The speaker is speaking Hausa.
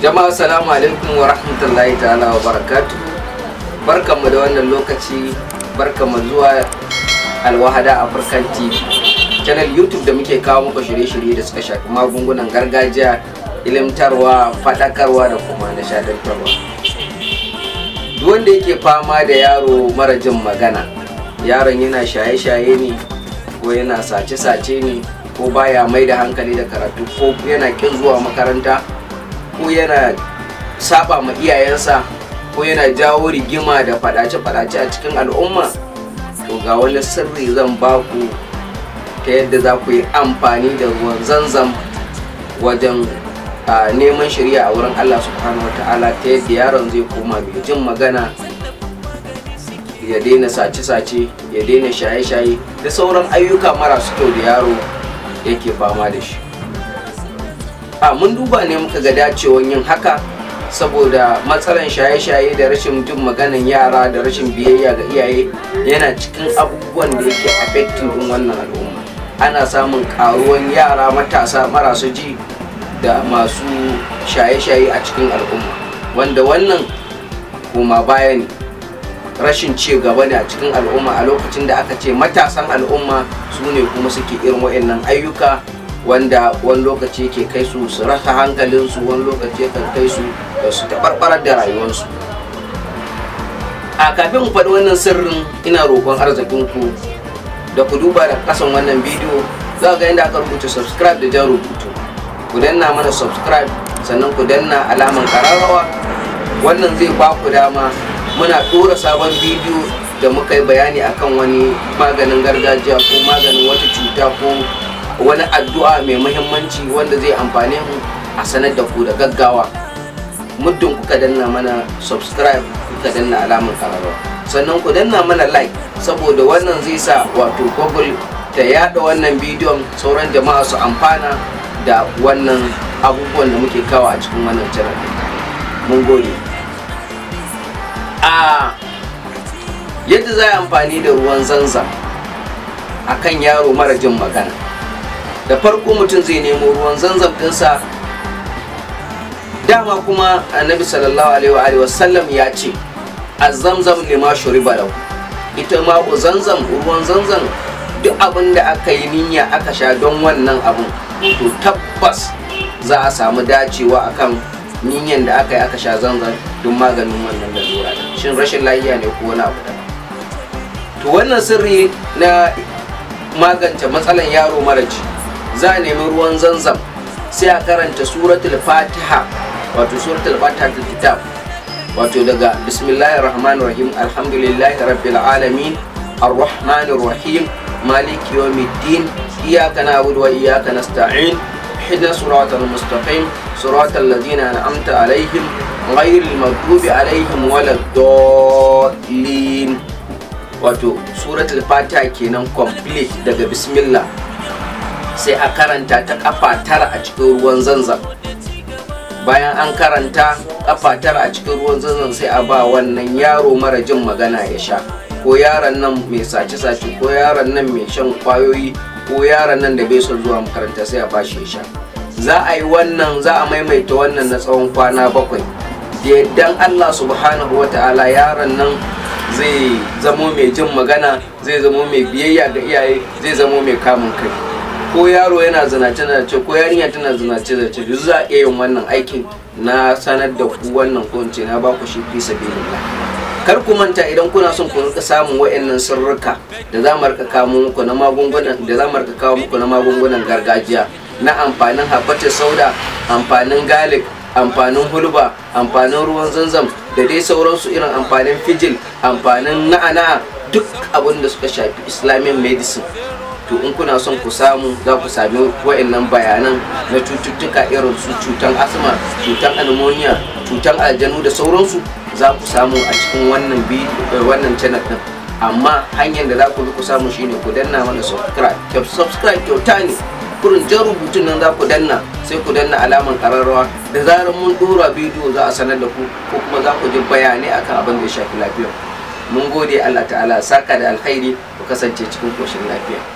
jama'a salamu alaikum wa rahmatullahi ta'ala wa barakatu barkanmu da wannan lokaci barkanmu zuwa alwahada african tv channel youtube da muke kawo muku shirye-shirye da suka shafi magungunan gargajiya ilimtarwa faɗakarwa da kuma nishadantarwa duk wanda yake fama da yaro mara jin magana yaron yana shaye-shaye ne ko yana sace-sace ne ko baya mai da hankali da karatu ko yana kin zuwa makaranta ko yana saba ma iyayensa ko yana jawo rigima da fadace-fadace a cikin al'umma to ga wani sirri zan baku ta yadda za ku yi amfani da ruwan zanzam wajen neman shari'a a wurin Allah subhanahu wa ta'ala ta yadda yaron zai koma mai jin magana ya daina sace-sace ya daina shaye-shaye da sauran ayyuka marasu kyau da yaro yake fama da shi a mun duba ne muka ga dacewan yin haka saboda matsalan shaye-shaye da rashin jin maganin yara da rashin biyayya ga iyaye yana cikin abubuwan da yake affecting din wannan al'umma ana samun karuwan yara matasa marasu ji da masu shaye-shaye a cikin al'umma wanda wannan koma baya ne rashin ci gaba ne a cikin al'umma a lokacin da aka ce matasan al'umma su ne kuma suke irin waɗannan ayyuka wanda wani lokaci ke kai su su rasa hankalinsu wani lokaci kan kai su da eh, su taɓarɓarar da rayuwarsu a kafin ku faɗi wannan sirrin ina roƙon arzikinku da ku duba da ƙasan wannan bidiyo za ga yadda aka rubuta subscribe da jan rubutu ku danna mana subscribe sannan ku danna alaman ƙararrawa wannan zai ba ku dama muna ɗora sabon bidiyo da muka yi bayani akan wani maganin gargajiya ko maganin wata cuta ko wani addu'a mai muhimmanci wanda zai amfane mu a sanar da ku da gaggawa muddin kuka danna mana subscribe kuka danna alamar kararwa sannan ku danna mana like saboda wannan zai sa wato google ta yada wannan bidiyon sauran jama'a su amfana da wannan abubuwan da muke kawo a cikin wannan channel mun gode a yadda za a amfani da ruwan a akan yaro mara jin magana da farko mutum zai nemo ruwan zanzam dinsa dama kuma annabi sallallahu alaihi wa sallam ya ce a zamzam ma shuriba lau ita ma zanzam ruwan zanzam duk abin da aka yi niyya aka sha don wannan abun to tabbas za a samu dacewa akan niyyan da aka yi aka sha zanzan don maganin wannan zuwa shin rashin lafiya ne ko wani abu da to wannan sirri na magance matsalan yaro mara ji za a nemi ruwan zanzam sai a karanta suratul fatiha wato suratul fatiha ta kitab wato daga bismillahir rahmanir rahim alhamdulillahi rabbil alamin arrahmanir rahim maliki yawmiddin iyyaka na'budu wa iyyaka nasta'in ihdina siratal mustaqim siratal الذين an'amta alaihim غير maghdubi alaihim ولا wato suratul fatiha kenan complete daga bismillah sai a karanta ta kafa tara a cikin ruwan zanzan bayan an karanta kafa tara a cikin ruwan zanzan sai a ba wannan yaro mara jin magana ya sha ko yaron nan mai sace-sace ko yaron nan mai shan kwayoyi ko yaron nan da bai son zuwa makaranta sai a ba shi ya sha za a yi wannan za a maimaita wannan na tsawon kwana bakwai da allah subhanahu ta'ala yaron nan zai zamo mai jin magana zai zamo mai biyayya ga iyaye zai zamo mai kamun kai ko yaro yana zinace zinace ko yarinya tana zinace zinace yanzu za a iya yin wannan aikin na sanar da ku wannan ko in na ba ku shi fi sabilillah kar ku manta idan kuna son ku rika samun wayannan sirrika da za mu rika kawo muku na magungunan da za mu rika kawo muku na magungunan gargajiya na amfanin habbatar sauda amfanin galik, amfanin hulba amfanin ruwan zanzam da dai sauransu irin amfanin fijil amfanin na'ana duk abin da suka shafi islamic medicine to in kuna son ku samu za ku sami wa'annan bayanan na cututtuka irin su cutan asma cutan almoniya cutan aljanu da sauransu za ku samu a cikin wannan eh, wannan channel din amma hanyar da za ku bi ku samu shine ku danna mana subscribe subscribe kyauta ne kurin jan rubutun nan za ku danna sai ku danna alamar kararrawa da zarar mun dora bidiyo za a sanar da ku ko kuma za ku ji bayanai akan abin da ya shafi lafiya mun gode Allah ta'ala saka da alkhairi ku kasance cikin koshin lafiya